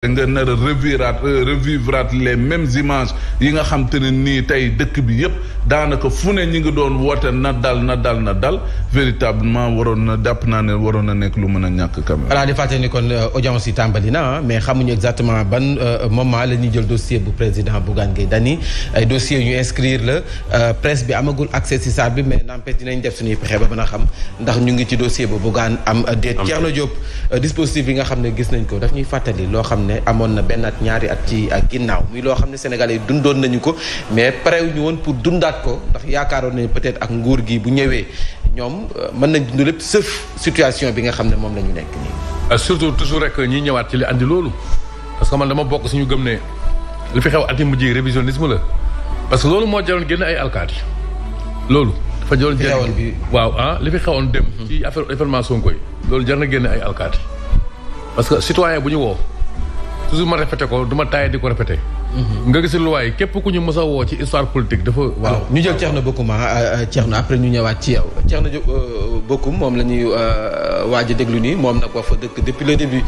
nga nar a revivraat euh, revivraat les mêmes images yi nga xam te ne nii tey dëkk bi yëpp daanaka fu ne ñi ngi doon woote na dal na dal na dal véritablement waroon na jàpp naa ne waroon na nekk lu mën a ñàkk kam voilà di fàttali ni kon euh, audience yi tàmbali ah, mais xamuñu exactement ban euh, moment la ñuy jël dossier bu président Bougane Gueye Dany ay dossier yu ñu inscrire la presse bi amagul accès si saa bi mais n'empêche dinañ def suñuy pexe ba mën a xam ndax ñu ngi ci dossier bu Bougane am déet Thierno Diop dispositif yi nga xam ne gis nañ ko daf ñuy fàttali loo xam ne ne amoon na benn at ñaari at ci ak ginnaaw muy loo xam ne sénégal yi dundoon nañu ko mais parewu ñu woon pour dundaat ko ndax yaakaaroon nañu peut-être ak nguur gi bu ñëwee ñoom euh, mën nañ dund lépp sëf situation bi nga xam ne moom la ñu nekk nii. Euh, surtout toujours rek ñi ñëwaat ci li andi loolu parce que man dama bokk suñu gëm ne li fi xew ati mujj yi révisionnisme la parce que loolu moo jaroon génn ay alkaati loolu. dafa jaroon génn bi waaw ah li fi xewoon dem. ci affaire information koy loolu jar na génn ay alkaati parce que citoyen bu ñu woo. toujours ma répété ko du ma taayee di ko répété. nga gis lu waaye képp ku ñu mës a woo ci histoire politique dafa. waaw ñu jël Thierno Bocoum ah, ah Thierno après ñu ñëwaat ci yow. Thierno euh, Bocoum moom la ñuy euh, waaj a déglu nii moom nag wax fa dëkk depuis le bi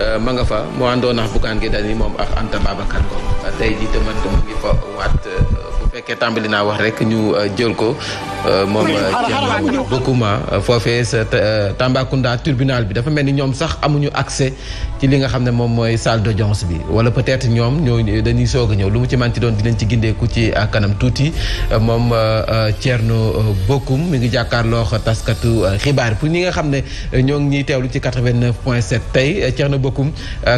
euh, ma nga fa mu àndoon ak Bougane Gueye Dany moom ak Anta Babacar Ngom tey jii tamit mu ngi fa waat. fekkee tàmbali naa wax rek ñu euh, jël ko euh, moom euh, Thierno Bocouma foofee sa Tambacounda tribunal bi dafa mel ni ñoom sax amuñu accès ci li nga xam ne moom mooy salle d'audience bi wala peut-être ñoom ñoo dañuy soog a ñëw lu mu ci manti doon dinañ ci gindeeku ci kanam tuuti moom Thierno Bocoum mu ngi jàkkaarloo taskatu xibaar pour ñi nga xam ne ñoo ngi ñuy teewlu ci 89 point 7 tey Thierno Bocoum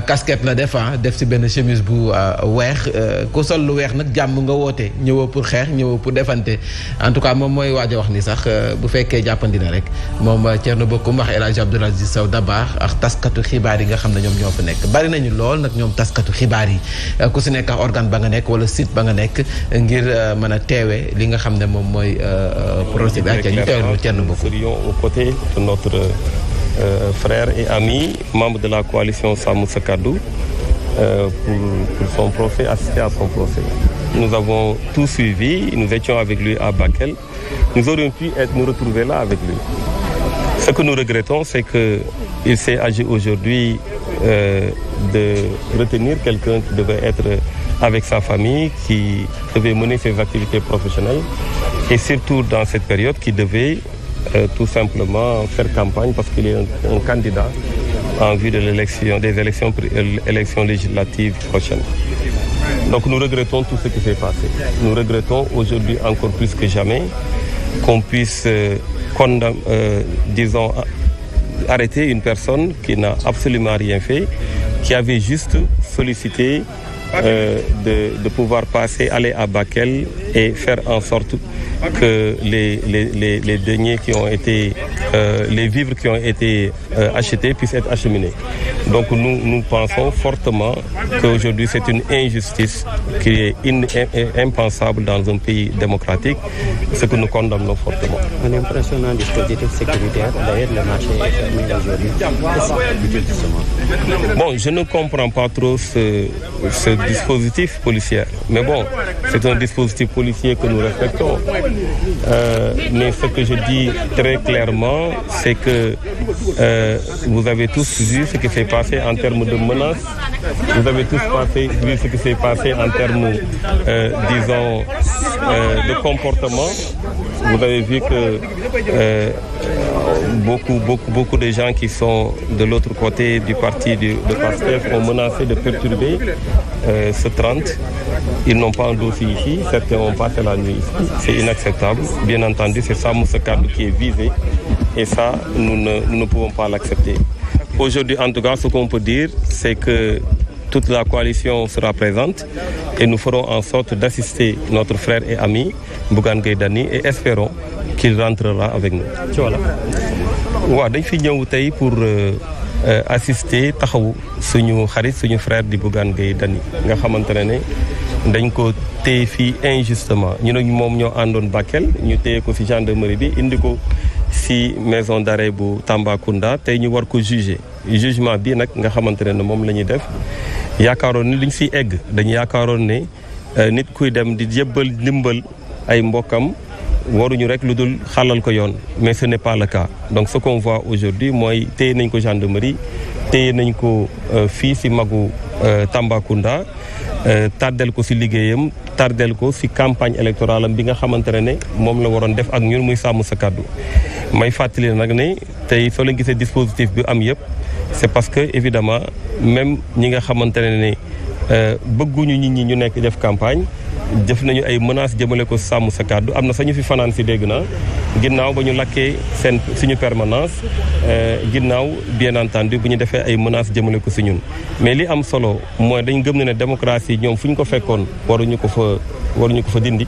casquette la def ah, def si benn chemise bu weex ku sol lu weex nag pour xeex ñëw pour defante en tout cas moom mooy waaj wax ni sax euh, bu fekkee jàppandi na rek moom ma euh, Thierno Bocoum wax El Hadj Abdoul Aziz Sow Dabakh ak taskatu xibaar yi nga xam ne ñoom ñoo fa nekk bari nañu lool nag ñoom taskatu xibaar yi euh, ku si nekk ak organe ba nga nekk wala site ba nga nekk ngir mën a teewee li nga xam ne moom mooy projet bi ak ñu teewlu Thierno Bocoum aux côtés de notre euh, frère et ami, membre de la coalition Samu Sakadou, euh, pour, pour son procès, assister à son procès. Nous avons tout suivi, nous étions avec lui à Bakel. Nous aurions pu être, nous retrouver là avec lui. Ce que nous regrettons, c'est qu'il s'est agi aujourd'hui euh, de retenir quelqu'un qui devait être avec sa famille, qui devait mener ses activités professionnelles, et surtout dans cette période qui devait euh, tout simplement faire campagne parce qu'il est un, un, candidat en vue de l'élection, des élections, euh, élections législatives prochaines. Donc nous regrettons tout ce qui s'est passé. Nous regrettons aujourd'hui encore plus que jamais qu'on puisse, euh, euh, disons, arrêter une personne qui n'a absolument rien fait, qui avait juste sollicité euh, de, de, pouvoir passer, aller à Bakel et faire en sorte que les, les, les, les deniers qui ont été, euh, les vivres qui ont été euh, achetés puissent être acheminés. Donc nous, nous pensons fortement qu'aujourd'hui c'est une injustice qui est in, in, impensable dans un pays démocratique, ce que nous condamnons fortement. je ne comprends pas trop ce dispositif policier. Mais bon, c'est un dispositif policier que nous respectons. Euh, mais ce que je dis très clairement, c'est que euh, vous avez tous vu ce qui s'est passé en termes de menaces. Vous avez tous passé, vu ce qui s'est passé en termes, euh, euh, de comportement. Vous avez vu que beaucoup, beaucoup, beaucoup de gens qui sont de l'autre côté du parti de, de PASTEF ont de perturber euh, ce 30. Ils n'ont pas endossé ici, certains ont passé la nuit ici. C'est inacceptable. Bien entendu, c'est ça Moussakab qui est visé et ça, nous ne, nous ne pouvons pas l'accepter. Aujourd'hui, en tout cas, ce qu'on peut dire, c'est que toute la coalition sera présente et nous ferons en sorte d'assister notre frère et ami Bougan Gaydani et espérons qu'il rentrera avec nous. voilà waaw dañ fi ñëw tey pour euh, euh, assister taxaw suñu xarit suñu frère di Bougane Gueye Dany nga xamante ne ne dañ ko téye fii injustement ñu ne moom ñoo àndoon Bakel ñu téye ko ci gendarmerie bi indi ko ci maison d'arrêt bu Tambacounda tey ñu war ko juger jugement bi nag nga xamante ne moom la ñuy def yaakaaroon ni liñ ciy egg dañu yaakaaroon ne euh, nit kuy dem di jébbal ndimbal ay mbokkam. waruñu rek lu dul xalal ko yoon mais ce n'est pas le cas donc ce qu'on voit aujourd'hui mooy téye nañ ko gendarmerie téye nañ ko euh, fii ci magu euh, Tambacounda euh, tardel ko si liggéeyam tardel ko si campagne électorale bi nga xamante ne ne moom la waroon def ak ñun muy sàmm sa kàddu may fàttali nag ne tey soo leen gisee dispositif bi am yépp c'est parce que évidemment même ñi nga xamante ne ne bëgguñu nit ñi ñu nekk def campagne jëf nañu ay menaces jëmale ko sàmm sa kàddu am na sañu fi fanaan si dégg na ginnaaw ba ñu lakkee seen suñu permanence euh, ginnaaw bien entendu bu ñu defee ay menaces jëmale ko si ñun. mais li am solo mooy dañ gëm ne ne démocratie ñoom fu ñu ko fekkoon waruñu ko fa waruñu ko fa dindi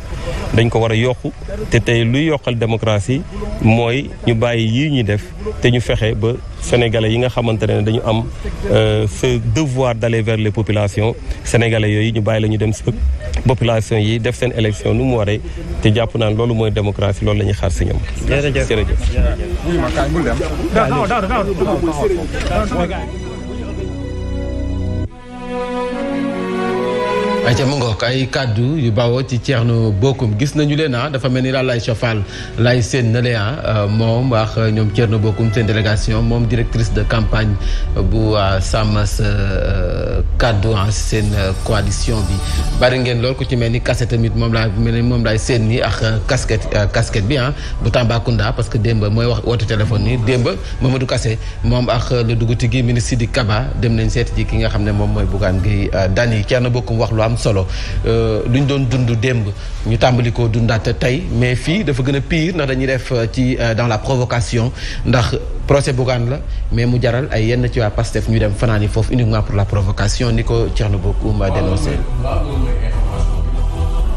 dañ ko war a yokku te tey luy yokkal démocratie mooy ñu bàyyi yi ñuy def te ñu fexe ba sénégalais yi nga xamante ne dañu am euh, ce devoir d'aller vers les populations sénégalais yooyu ñu bàyyi la ñu dem si population élection yi def seen élection nu mu waree te jàpp naan loolu mooy démocratie loolu la ñuy xaar si ñoom. jërëjëf jërëjëf. ayca mu ngoog ay kàddu yu bawoo ci Thierno bokkum gis nañu leen ah dafa mel ni daal lay sofal lay seen na leen ah, euh, moom wax ñoom Thierno Bocoum seen délégation moom directrice de campagne bu euh, sàmm sa euh, ah, seen coalition bi. bari ngeen lool ku ci mel ni casquette tamit moom laa mel ni moom laay seen ni ak casquette casquette bi ah bu Tambacounda parce que démb mooy wax woote téléphone ni démb du Kassé moom ak la dugg ci gi ministre Sidi Kaba dem nañ seet ji ki nga xam ne moom mooy Bougane Gueye Dany Thierno Bocoum wax lu am solo euh, lu ñu doon dund démb ñu tàmbali ko dundaat tey mais fii dafa gën a pire ndax dañu def euh, ci euh, dans la provocation ndax procès Bougane la mais mu jaral ay yenn ci waa Pastef ñu dem fanaan yi foofu uniquement pour la provocation ni ko Thierno Bocoum dénoncé.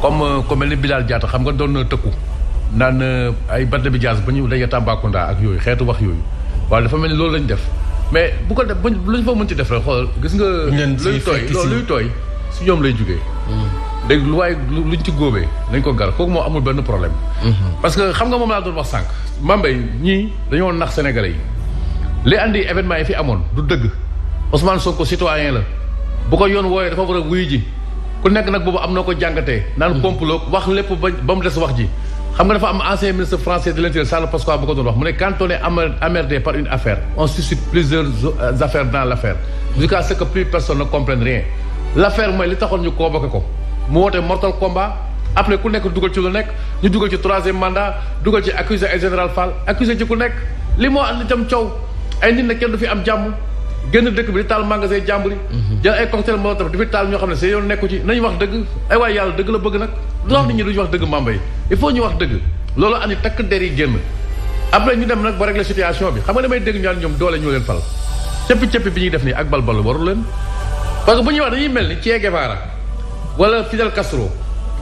comme ku mel ni Bilal xam nga doon na tëkku naan ay Barthélémy Dias ba ñu daje Tambacounda ak yooyu xeetu wax yooyu waaye dafa mel ni loolu lañ def mais bu ko def bu ñu fa mënti def rek xool gis nga. luy tooy luy tooy. si ñoom lay jugee. dégg mm. lu waaye luñ ci góobee dañ ko gar kooku moom amul benn problème. Mm-hmm. parce que xam nga moom laa doon wax sànq. Mambey ñii dañoo nax Sénégalais yi li andi événement yi fi amoon du dëgg Ousmane Sonko citoyen la bu ko yoon wooyee dafa war a wuyu ji ku nekk nag boobu am na ko jàngatee. naan mm-hmm. complot wax lépp ba ba mu des wax ji. xam nga dafa am ancien ministre français de l'intérieur Charles Pasqua bu ko doon wax mu ne quand on euh, dans l'affaire jusqu'à ce que plus l'affaire mooy li taxoon ñu convoqué ko mu woote mortal combat après ku nekk dugal ci lu nekk ñu dugal ci troisième mandat dugal ci accusé ay général Fall accusé ci ku nekk li moo andi itam coow ay nit ne kenn du fi am jàmm génn dëkk bi di taal magasin jàmbur yi mhm. jël ay cocktail molotov di fi taal ñoo xam ne seen yoon nekku ci nañu wax dëgg ay waay yàlla dëgg la bëgg nag loo xam nit ñi duñu wax dëgg mamba yi il faut ñu wax dëgg loolu andi takk der yi génn après ñu dem nag ba régler situation bi xam nga damay dégg ñaan ñoom doole ñoo leen fal cëppi cëppi bi ñuy def nii ak balbal waru leen parce que bu ñu wax dañuy mel ni Che Guevara wala Fidel Castro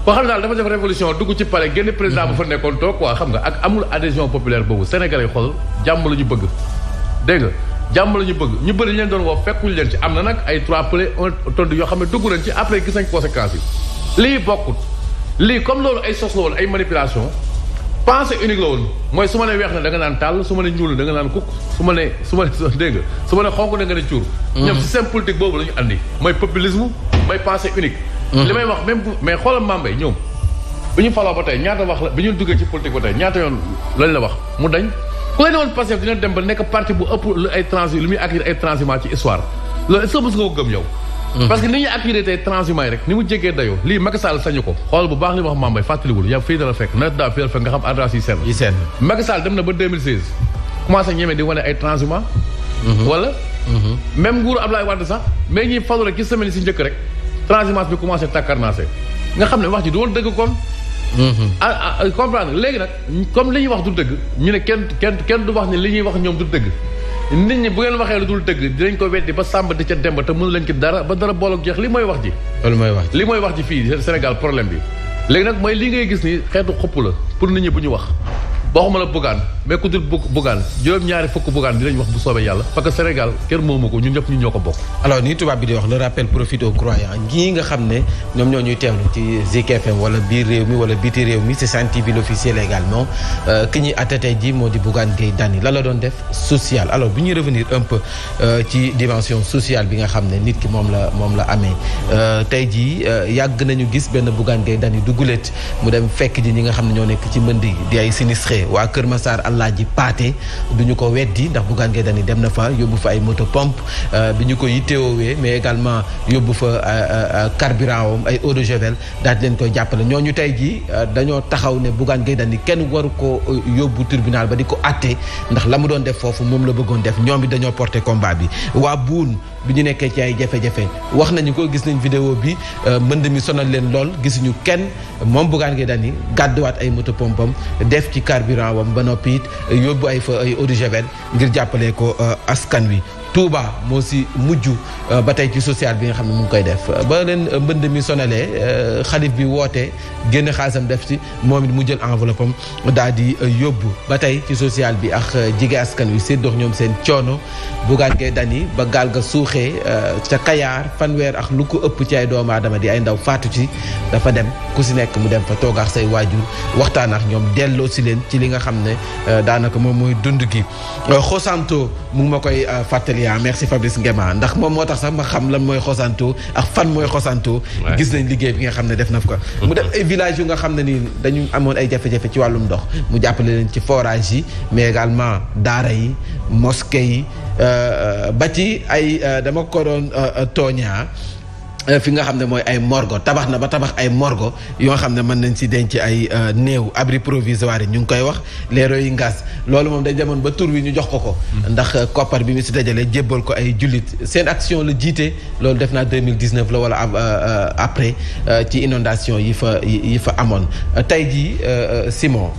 koo xam ne daal dafa def révolution dugg ci palais génn président bu fa nekkoon toog quoi xam nga ak amul adhésion populaire boobu Sénégalais xool jàmm la ñu bëgg dégg nga jàmm la ñu bëgg ñu bëri leen doon woo fekkuñu leen ci am na nag ay trois plaies un tondu yoo xam ne dugg nañ ci après gis nañ conséquences yi lii bokkut lii comme loolu ay sos la ay manipulation pensée unique la woon mooy su ma nee weex na da nga naan tàll su ma nee ñuul na da nga naan kukk su ma nee su ma nee dégg su ma nee xonk na nga ne cuur. Mm. la ñu andi. mooy populisme mooy pensée unique. Mm. li may wax même mais xoolal Mambay ñoom. bi ñu faloo ba tey ñaata wax la bi ñu duggee ci politique ba tey ñaata yoon lañ la wax mu dañ ku la ne woon Pastef dina dem ba nekk parti bu ëpp lu ay transi lu muy accueillir ay transhumants ci histoire loolu est-ce que nga ko gëm yow. Mm-hmm. parce que ni ñuy attiré tey transhumant yi rek ni mu jégee dayoo lii Macky Sall sañu ko xool bu baax li ma wax Mambay fàttaliwul yow fii dala fekk nawet daa fii dala fekk nga xam adresse yi yi seen Macky Sall ay transhumant mm-hmm. Mm-hmm. sax mais ñuy falu rek ci semaine si njëkk rek transhumance bi commencé tàkkarnaase nga xam ne wax ji du woon dëgg kon ah, ah comprendre léegi nag comme li ñuy wax du dëgg ñu ne kenn kenn kenn du wax ne li ñuy wax ñoom du dëgg nit ñi bu ngeen waxee lu dul dëgg dinañ ko weddi ba sàmb di ca demb te mënu leen ci dara ba dara booloog jeex li mooy wax ji loolu mooy wax li mooy wax ji fii Sénégal problème bi léegi nag mooy li ngay gis ni xeetu xupp la pour nit ñi bu ñu wax boo waxuma la bëggaan mais ku dul bugaan juróom-ñaari fukk bugaan dinañ wax bu soobee yàlla parce que Sénégal kenn moomu ko ñun ñëpp ñu ñoo ko bokk. alors ni tubaab bi di wax le rappel profite aux croyants nga xam ne ñoom ñoo ñuy teewlu ci Zik FM biir réew mi wala biti réew mi c'est Sen TV l'officiel également euh, ki ñuy atte tey jii moo di Bougane Gueye Dany la la doon def social alors bi ñuy revenir un peu euh, ci dimension sociale bi nga xam ne nit ki moom la moom la amee euh, tey jii yàgg nañu gis benn Bougane Gueye Dany du gulet mu dem fekk ji nga xam ne ñoo nekk ci mbënd di alaaji paate du ñu ko weddi ndax Bougane Gueye Dany dem na fa yóbbu fa ay moto pompe euh, bi ñu ko yittewoowee mais également yóbbu fa euh, euh, carburant ay eau de javel daal di leen koy jàppale ñu tey jii dañoo taxaw ne Bougane Gueye Dany kenn waru ko yóbbu tribunal ba di ko àtte ndax la mu doon def foofu moom la bëggoon def ñoom bi dañoo porté combat bi waa buun bi ñu nekkee ci ay jafe-jafe wax nañu ko gis nañ vidéo bi mbënd mi sonal leen lool gisuñu kenn moom Bougane Gueye Dany yóbbu ay fa ay eau de javel ngir jàppale ko euh, askan wi Touba moo si mujj euh, ba tey ci social bi nga xam ne mu ngi koy def ba leen euh, mbënd mi sonalee euh, xalif bi wootee génn xaalisam def ci moom it mu jël enveloppe am daal di yóbbu ba tey ci social bi ak jige askan wi séddoo ñoom seen coono bugaan ngay dani ba gaal ga suuxee ca Kayaar fanweer ak lu ko ëpp ci ay doomu di ay ndaw faatu ci dafa dem ku si nekk mu dem fa toog ak say waajur waxtaan ak ñoom delloo si leen ci li nga xam ne daanaka moom mooy dund gi Maria merci Fabrice Ngema ndax moom moo tax sax ma xam lan mooy xosantu ak fan mooy xosantu gis nañ liggéey bi nga xam ne def na ko mu def ay village yu nga xam ne nii dañu amoon ay jafe-jafe ci wàllum ndox mu jàppale leen ci forage yi mais également daara yi mosquée yi euh, euh, ba ci ay euh, dama ko doon tooñaa ah. Euh, fi nga xam ne mooy ay morgo tabax na ba tabax ay morgo yoo xam ne mën nañ si denc ay euh, néew abri provisoire yi ñu ngi koy wax les Rohingyas loolu moom day demoon ba tur wi ñu jox ko ko hmm. ndax euh, koppar bi mu si dajalee jébbal ko ay jullit seen action la jiite loolu def naa 2019 la wala après ci inondation yi fa yi fa amoon tey jii Simon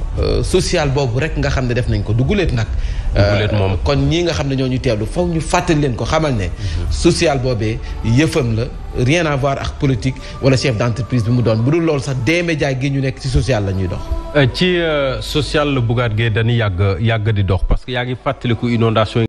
social boobu rek nga xam ne def nañ ko du guleet nag Euh, moom kon ñi nga xam ne ñoo ñu teelu foog ñu fàttali leen ko xamal ne. social boobee yëfam la rien à ak politique wala chef d'entreprise bi mu doon bu dul lool sax des médias gi ñu nekk ci social la ñuy dox. Euh, ci euh, social la Bougane gee dañuy yàgg yàgg di dox parce que yaa ngi fàttaliku inondation